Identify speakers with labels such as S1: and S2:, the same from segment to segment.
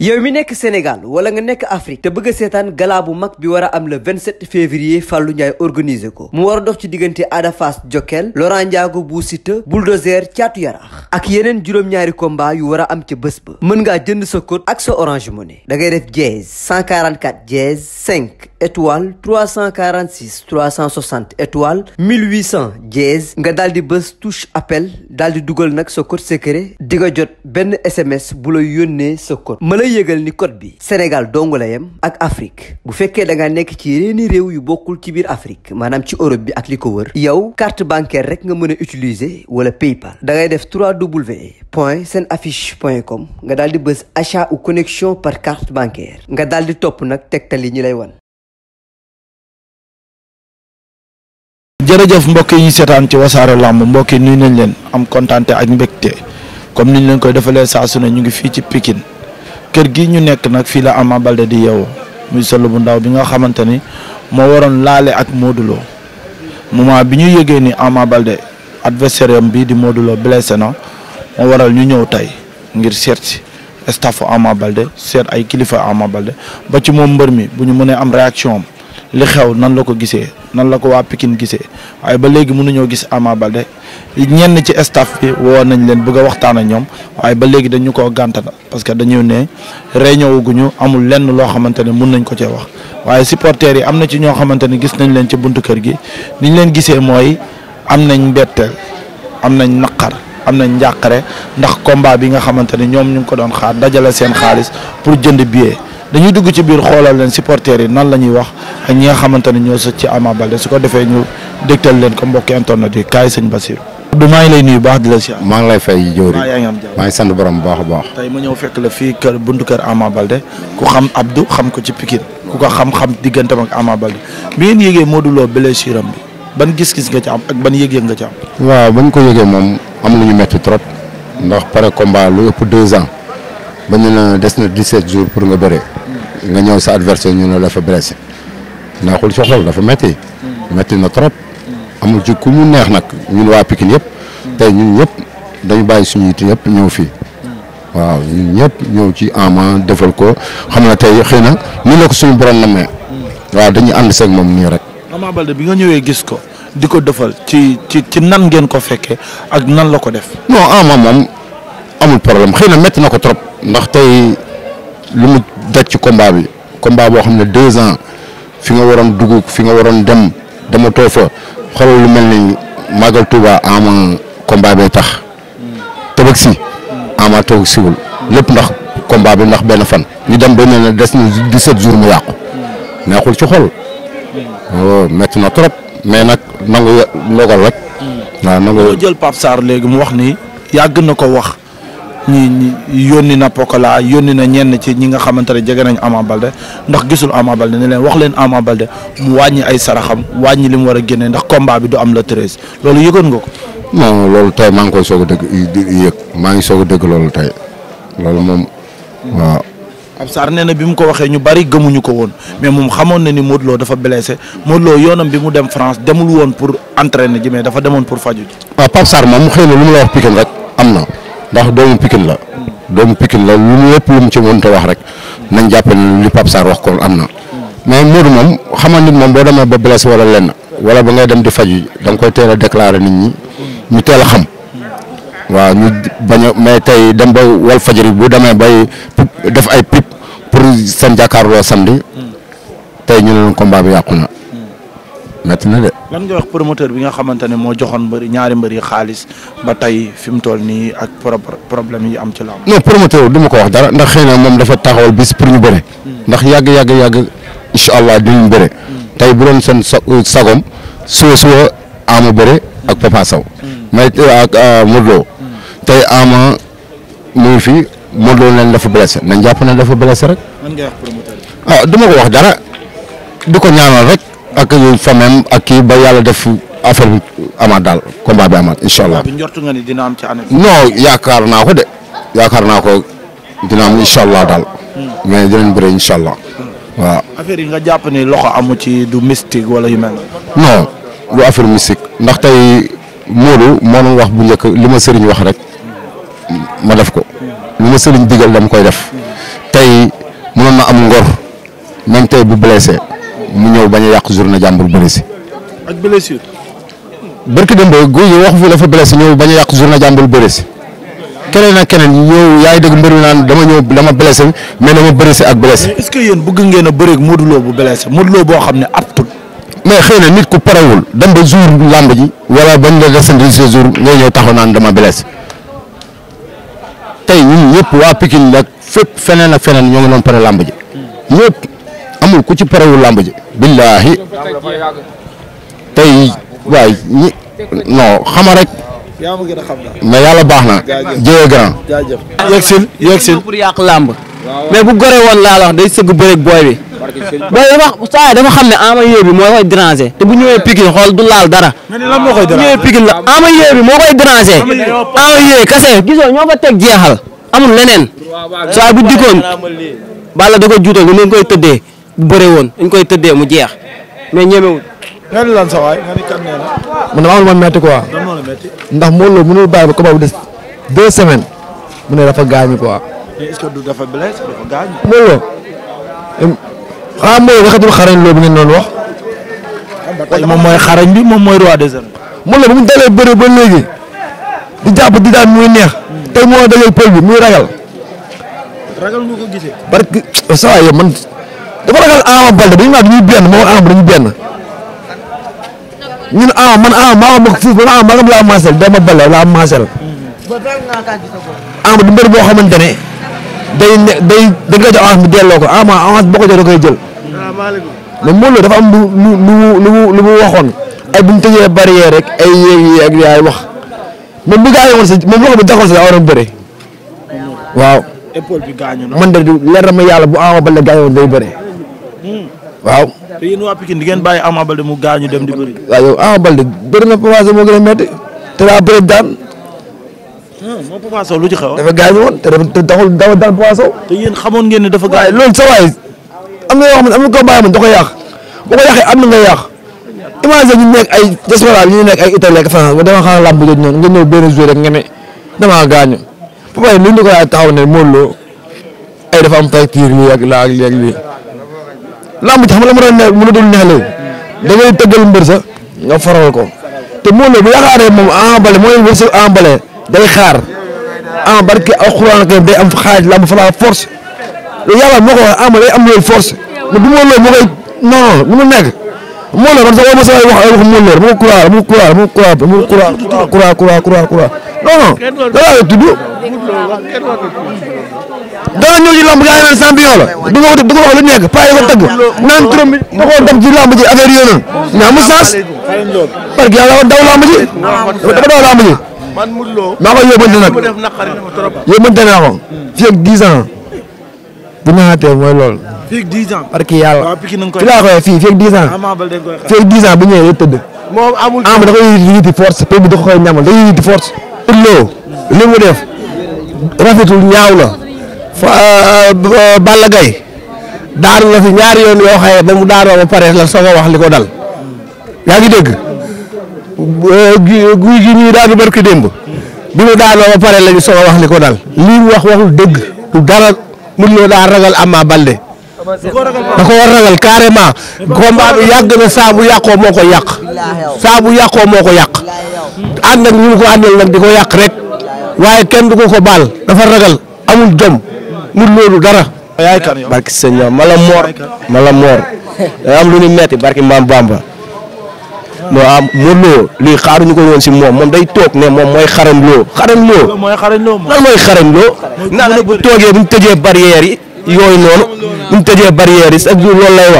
S1: yow mi nekk Sénégal wala nga nekk Afrique te bëgg seetaan galaa bu mag bi war a am le 27 février Fallou Ndiaye organisé ko mu war a dox ci diggante Ada Fass Jokkel Laurent Ndiago bu Siteu Bulldozer Caatu Yaraax ak yeneen juróom-ñaari combat yu war a am ca bés ba mën ngaa jënd sa code ak sa Orange Money da ngay def dièse 144 dièse 5 étoile 346 360 étoile 1800 dièse nga daal di bés touche appel daal di dugal nag sa code secret di nga jot benn SMS bu la yónnee sa code lay yëgal ni code bi Sénégal dong la ak Afrique bu fekkee da nga nekk ci yeneeni réew yu bokkul ci biir Afrique maanaam ci Europe bi ak li ko wër yow carte bancaire rek nga mën a utiliser wala PayPal da def 3w point seen affiche point com nga daal di bës achat ou connexion par nga daal di topp nag tegtal ñu lay wan.
S2: mbokk yi seetaan ci wasaare làmb mbokk yi nañ leen am kontaan ak mbégte comme niñ leen koy defalee saa su ngi fii ci Pikine kër gi ñu nekk nag fii la Ama Baldé di yeewoo muy sël bu ndaw bi nga xamante ni moo waroon laale ak Modou Lo bi ñu yëgee ni Ama Baldé adversaire am bii di Modou Lo blessé moo waral ñu ñëw tey ngir seet si staffu Ama Baldé seet ay kilifa Ama Baldé ba ci moom mbër mi bu ñu mënee am réaction li xew nan la ko gisee nan la ko waa pikin gisee waaye ba léegi mënuñoo gis Ama Baldé ñenn ci staff bi woo nañ leen bëgg a waxtaan ak ñoom waaye ba léegi dañu koo gàntal parce que dañu ne réunion wu amul lenn loo xamante ne mun nañ ko cee wax waaye supporters yi am na ci ñoo xamante ne gis nañ leen ci buntu kër gi niñ leen gisee mooy am nañ mbetteel am nañ naqar am nañ njàqare ndax komba bi nga xamante ne ñoom ñu ngi ko doon xaar dajale seen xaalis pour jënd billet dañuy dugg ci biir xoolal leen supporters yi nan la ñuy wax ak ñi nga xamante ne ñoo sa ci Ama Baldé su ko defee ñu dégtal leen ko mbokki internet yi kaay sëñ Basiru Abdou maa ngi lay nuyu baax di la si maa ngi lay fay jëwri maa ngi sant borom baax a ma ñëw fekk la fii xam Abdou xam ko ci Pikine ku ko xam-xam diggantam ak Ama Baldé bi ngeen yégee Modou Lo blessure bi ban gis-gis nga ci am ak ban yëg-yëg nga ci am
S3: waaw bañ ko yëgee moom am lu ñu metti trop ndax pare combat lu ëpp deux ans ba ñu ne des na dix-sept jours pour nga bëre hmm. nga ñëw sa ñu ne la fa blessé neexul ci xol dafa metti metti na trop amul ci ku mu neex nag ñun waa Pikine yëpp tey ñun yépp dañu bàyyi suñu yit yépp ñëw fii waaw ñun ñëpp ñëw ci ama defal ko xam na tey xëy na ni la ko suñu borom la mee waaw dañuy ànd seeg moom nii rek
S2: Ama bi nga ñëwee gis ko di ko defal ci ci ci nan ngeen ko fekkee ak nan la ko def
S3: non Ama moom amul problème xëy na métti na ko trop ndax tey lu mu daj ci combat bi combat boo xam ne deux ans fi nga waroon dugub fi nga waroon dem dama too fa xoolal lu mel ni màggal Touba ama combat bee tax tëbëg si ama tëbëg siwul lépp ndax combat bi ndax benn fan ñu dem ba mel ne des na 17 jours mu yàqu neexul ci xol métti na trop mais nag nangu ndogal rek mm. waaw nangu
S2: jël Pape Sarr léegi mu wax nii yàgg na ko wax ñi yónni na Pokola yónni na ñenn ci ñi nga xamante ne jege nañ Ama Balde ndax gisul am Ama Balde ne leen wax leen Ama Balde mu wàññi ay saraxam wàññi li mu war a génne ndax combat bi du am la treize loolu yëgoon nga ko.
S3: non loolu tey maa ngi koy soog a dëgg yëg maa ngi soog a dëgg loolu tey loolu moom waaw.
S2: ab Sarr nee na bi mu ko waxee ñu bari gëmuñu ko woon mais moom xamoon na ni Modou loo dafa blessé Modou loo yoonam bi mu dem France demul woon pour entraîner ji mais dafa demoon pour faju ji.
S4: waaw Pape Sarr lu mu
S3: la rek am na. ndax doomu pikin la doomu Pikine la lu mu lépp lu mu ci mënta wax rek nañ jàpp ne li Pape wax kon am na mais Modou moom xamal nit moom boo demee ba blessé wala lenn wala ba ngay dem di faj da nga koy teel a déclaré nit ñi ñu teel a xam waaw ñu bañ mais tey dem ba wal fajari bu demee bay def ay pip pour seen jàkkaar jàkkaarloo samedi tey ñu ne leen combat bi yàqu na. metti na de.
S2: lan nga wax promoteur bi nga xamante ne moo joxoon mbëri ñaari mbëri xaalis ba tey fi mu toll nii ak problème yi am ci làmb.
S3: non promoteur du ma ko wax dara ndax xëy na moom dafa taxawal bis pour ñu bëre. Hmm. ndax yàgg yàgg yàgg incha allah dinañ bëre. Hmm. tey bu doon seen sagom suba suba ama bëre ak hmm. Papa Sow. mais eh, ak ah, Modou Lo. tey ama mu fi Modou Lo leen dafa blessé nañ jàpp ne dafa blessé rek. lan ah du ma ko wax dara di ko ñaanal rek. ak famem ak kii ba yàlla def affaire bi amaat daal combat bi amaat incha allah. bi
S2: njort nga ni dina am ci année
S3: yaakaar naa ko de yaakaar naa ko dina am allah daal. Hmm. mais dinañ bëre incha allah. Hmm. waaw
S2: affaire yi nga jàpp ni loxo amu ci du mystique wala yu mel
S3: non bu affaire mystique ndax tey Modou moo doon bu njëkk li ma sëriñ wax rek ma def ko hmm. koy def tey mënoon na am ngor même tey bu blessé. mu ñëw bañ a yàq journée jàmbur
S4: blessé. ak blessure. barki dem ba guy yi waxu fi la fa ñëw bañ a yàq journée jàmbur blessé keneen ak keneen ñëw yaay dëgg mbëri naan dama ñëw dama blessé mais dama blessé ak blessé. est-ce que yéen bëgg ngeen a bëreeg Modou Lo bu blessé Modou Lo boo xam ne aptul. mais xëy na nit ku parewul dem ba jour làmb ji wala bañ la desandi ce jour ngay ñëw taxaw naan dama
S3: blessé tey ñun ñëpp waa Pikine nag fépp feneen ak feneen ñoo ngi doon pare làmb ji ñëpp. amul ku ci parewul làmb ji billaahi tey waay ñi non xama rek mais yàlla baax na jëye grand yegg
S4: sil yegg sil làmb mais bu gore woon laa la wax day sëgg bëreeg booy bi booy dafa xam ne ama yee bi moo koy déranger te bu ñëwee Pikine xool du laal dara bu ñëwee Pikine la ama yee moo koy déranger ama yee kase gisoo ñoo fa teg jeexal amul leneen
S1: saa bu dikkoon
S4: bala da ko juutal nga ni koy tëddee bëre woon dañ koy tëddee mu jeex mais ñemewul.
S2: nga ne lan sa nga ne kat nee na.
S4: man damaa am lu metti quoi. ndax Modou Lo mënul bàyyi ba combat bi des deux semaines mu ne dafa gaañu quoi.
S2: mais est-ce que du dafa blessé dafa
S4: gaañu. loo bi ngeen doon wax. Ah, tey moom mooy xarañ bi moom mooy roi des arènes. Modou mu dalee bëre ba léegi di jàpp di daan muy neex. tey moo dajale pël bi muy ragal. ragal nga ko gisee. man. dama ragal Ama Baldé dañu naan dañuy benn moom Ama dañuy benn ñun Ama man Ama maa ma fuuf man Ama maa laa maasal dama Baldé laa maasal. Ama du mbër boo xamante ne day ne day da nga koy jox avance bi delloo ko Ama avance boo ko jox da koy jël. mais Modou Lo dafa am lu lu lu mu lu mu waxoon. ay bu ñu tëjee barrière rek ay yéeg yi ak yaay wax moom bi gaañoon sa moom loxo bi daxoon sa waroon bëre. waaw
S2: épaule bi gaañu na
S4: man de leer na ma yàlla bu Ama Baldé gaañoon day bëre.
S2: waaw. te yéen waa di ngeen bàyyi Ama Baldé mu gaañu dem di bëri. waaw yow Ama na Papa moo gën a métti te daa bëri daan. moo ah, Papa lu ci xew. dafa gaañu woon te taxul dafa daan Papa Sow. xamoon ngeen ne dafa gaañ. waaye loolu sa am na yoo xam ne am na ko bàyyi man da ko yàq boo ko yàqee am na nga yàq
S4: imagine ñu nekk ay diaspora nekk ay Italie ak France ba dama xam làmb jooju noonu nga ñëw benn jour rek nga ne damaa gaañu Papa yi lu ñu ko taxaw ne Modou Lo ay dafa am facture lii ak laa ak lii lamb ji xam la mën a mën a dul neex léegi da ngay tëggal mbër sa nga faral ko te moo ne bu yaakaaree moom emballé mooy wërsëg emballé day xaar en ah, barke alxuraan kay day am xaaj lamb fa la force loolu yàlla moo ko wax force mais bu moo loolu moo koy non nekk moo loolu man sax ma sa wax ay wax moo loolu mu kuraar mu kuraar mu kuraar mu kuraar kuraar kuraar kuraar non non da laa dara a ci lamb yaa ngi naan champion la du nga ko du nga wax lu nekk paa yi ko tëgg naan turam bi da koo dem ci lamb ji affaire yooyu
S2: noonu mais amul chance parce que yàlla daw lamb ji maa koy
S4: yóbbante nag yóbbante naa ko fii ak 10 ans bu ñu xaatee mooy loolu.
S2: fii ak ans parce que yàlla fi laa koy fii ans fii ak 10 ans bu ñëwee day
S4: tëdd. moom amul am da koy yiti da koy ñamal mu def rafetul ñaaw la. Balla Gaye daanu na fi ñaari yoon yoo xaye ba mu daanoo ba pare la soog a wax li ko dal yaa ngi dégg guy gi ñuy daanu barki démb bi mu daanoo ba pare la ñu soog a wax li ko dal lii mu wax waxul dëgg du dara mën loo daa ragal Ama Baldé da ko ragal carrément combat bi na saa bu yàqoo moo ko yàq saa bu moo ko yàq ànd ak ñu ko àndal nag di ko yàq rek waaye kenn du ko ko baal dafa ragal amul jom mu loolu dara. yaay barki sëñ ma la moor ma moor am lu ñu metti barki maam Bamba moo am mënoo lii xaaruñu ko woon si moom moom day toog ne moom mooy xarañ loo xarañ loo lan mooy xarañ loo naan la bu toogee bu ñu tëjee yi yooyu noonu bu ñu tëjee yi chaque jour wax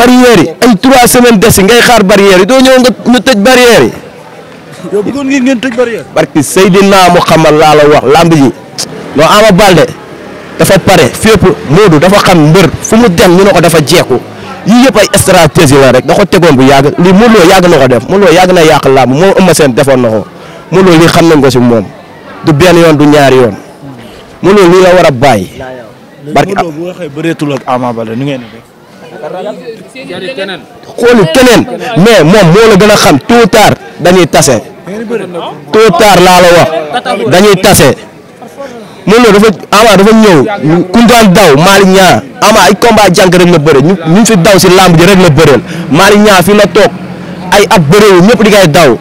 S4: barrières yi ay trois semaines des ngay xaar barrières doo ñëw nga ñu tëj barrières yi
S2: yow bëggoon ngeen ngeen tëj barrière
S4: barki laa la wax lamb ji non Ama Balde dafa pare fépp Modou dafa xam mbër fu mu dem ñu ne ko dafa jeeku yii yëpp ay stratégie la rek da ko tegoon bu yàgg lii Modou Lo yàgg na ko def Modou Lo yàgg na yàq làmb moo ëmb seen defoon na ko Lo lii xam nañ ko si moom
S2: du benn yoon du ñaari yoon mu Lo lii la war a bàyyi. barki am bu waxee bëreetul ak Ama Balde ni
S5: keneen mais
S4: moom moo la gën a xam tôt ou tard dañuy tase. tôt ou tard laa la wax dañuy tase. Modou dafa Ama dafa ñëw ku daan daw Malick Niang Ama ay combat jànk rek la bëre ñu ñu fi daw si lamb ji rek la bëreel Malick Niang fi la toog ay at bëree ñëpp di koy daw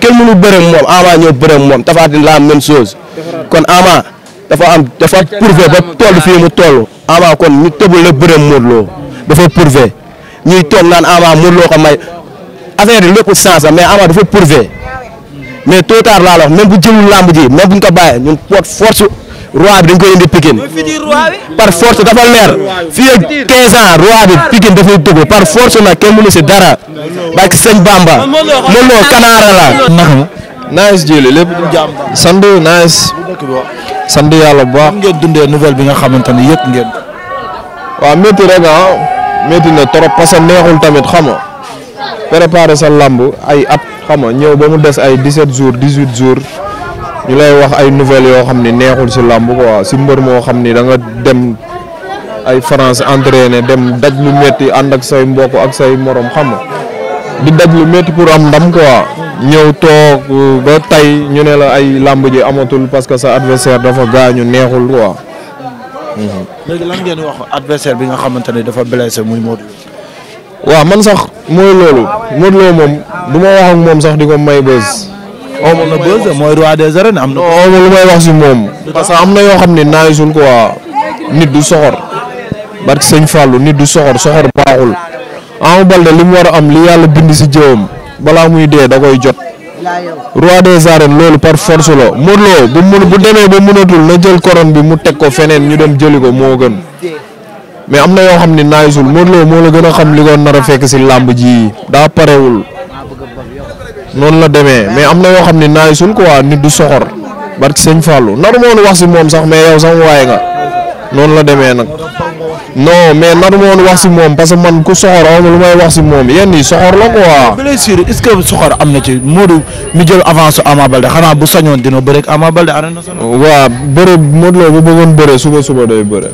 S4: kenn mënu bëre moom Ama ñëw bëre moom Tapha Tine la même chose kon Ama dafa am dafa prouvé ba toll fii mu toll Ama kon ñu tëbul la bëre Modou Lo dafa prouvé ñuy toog naan Ama Modou Lo ko may affaire yi lépp sens Ama dafa prouvé. mais tôt tard laa la wax même bu jëlul làmb ji même buñ ko bàyyee ñun force roi bi dañ koy indi Pikine
S1: par force dafa leer fii ak ans roi bi Pikine dafay
S4: dugg par force na kenn mënu si dara
S2: bàyyi ci sëñ Bamba mënoo kanaara la. naka la nice jëlee lépp jàmm nice sant yàlla bu baax bi nga xamante ne yëpp ngeen.
S5: Ah. tamit xam nga préparer ay at. xam nga ñëw ba mu des ay 17 jours 18 jours ñu lay wax ay nouvelles yoo xam ni neexul si làmb quoi si mbër moo xam ni da nga dem ay France ne dem daj lu métti ànd ak say mbokk ak say morom xam nga di daj lu métti pour am ndam quoi ñëw toog euh, ba tey ñu ne la ay làmb ji amatul parce que sa adversaire dafa gaañu neexul quoi.
S2: léegi lan ngeen wax bi nga xamante ne dafa blessé muy Modou. man sax. mooy loolu Modou Lo moom du ma wax moom sax di ko may bës. am des
S5: arènes am na. am na lu may wax si moom. parce que am na yoo xam ne naay suñ ko nit du soxor. barke sëñ Fallou nit du soxor soxor baaxul. Ama Baldé li mu war am li yàlla bind si jëwam balaa muy dee da koy jot. roi de arènes loolu par force la Modou bu mun bu demee ba mënatul na jël couronne bi mu teg ko feneen ñu dem jëli ko moo gën. mais am na yoo xam ne naaysul Modou Lo moo la gën a xam li ko fekk si làmb ji daa parewul noonu la demee mais am na yoo xam ne naaysul quoi nit du soxor barki sëñ Fallou naru ma woon wax si moom sax mais yow sama waay nga noonu la demee nag non mais naru ma woon wax si moom parce que man ku soxor aw lu may wax si moom yéen ñii soxor la quoi.
S2: blessure est-ce soxor am na ci Modou mi jël avance Ama Baldé xanaa bu sañoon dina bëre ak Ama Baldé arène nationale. waaw bëre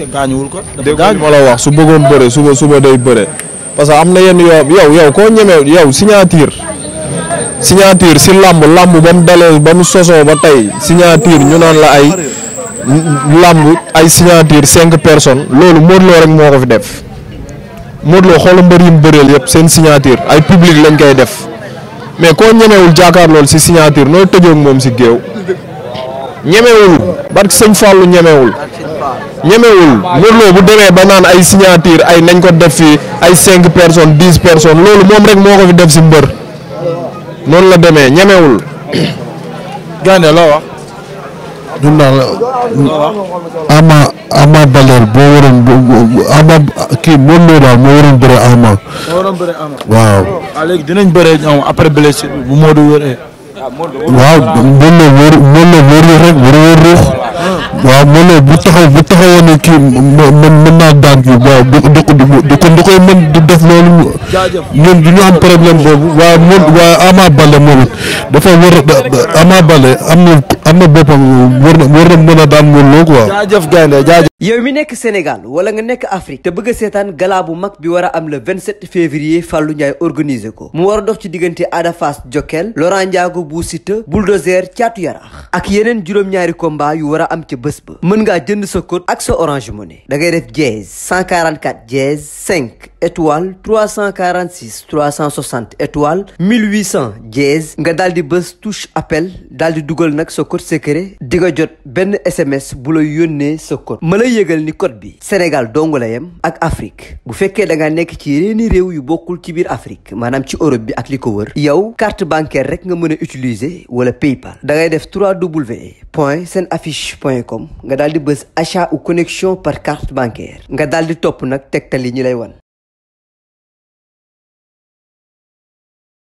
S2: que gaañuwul ko. dafa ma
S5: la wax su bëggoon bëre suba suba day bëre parce que am na yenn yoo yow yow koo ñemee yow signature signature si làmb làmb ba mu dalee ba mu sosoo ba tey signature ñu naan la ay làmb ay signature cinq personnes loolu Modou rek moo ko fi def Modou Lo xoolal mbër yi mu bëreel yëpp seen signature ay public lañ koy def mais koo ñemewul jaakaar loolu si signature nooy tëjoog moom si géew ñemewul barke sëñ Fallou ñemewul. ñemewul Modou Lo bu demee ba naan ay signature ay nañ ko def fi ay cinq personnes dix personnes loolu moom rek moo ko fi def si mbër noonu la demee ñemewul. Gane loo wax. ñun daal ama ama Baldé boo
S2: waroon ama kii Modou Lo daal moo waroon bëre ama. Ah, ruux. waaw Moulay bu taxaw bu taxawoon ne kii
S5: mën naa daan kii waaw du du du kon da koy mën di def loolu ñoom du ñu
S4: am problème boobu waaw moom waaye Ama Baldé moom dafa war a Ama Baldé am na am na boppam war na war na mën a daan Modou Lô quoi.
S1: yow mi nekk Sénégal wala nga nekk Afrique te bëgg seetaan galaa bu mag bi war a am le 27 février Fallou Ndiaye organisé ko mu war dox ci diggante Ada Fass Jokkel Laurent Ndiago bu Siteu Bulldozer Caatu Yaraax ak yeneen juróom-ñaari combat yu war a am ca bés ba mën ngaa jënd sa code ak sa Orange Money da ngay def dièse 144 dièse 5 étoile 346 360 étoile 1800 dièse nga daal di bés touche appel daal di dugal nag sa code secret di nga jot benn SMS bu la yónnee sa code yëgal ni code bi Sénégal dong la yem ak Afrique bu fekkee da nga nekk ci yeneeni réew yu bokkul ci biir Afrique maanaam ci Europe bi ak li ko wër yow carte bancaire rek nga mën a utiliser wala PayPal da ngay def 3W point seen affiche point comme nga daal di bës achat ou connexion par carte bancaire nga daal di topp nag tegtal yi ñu lay wan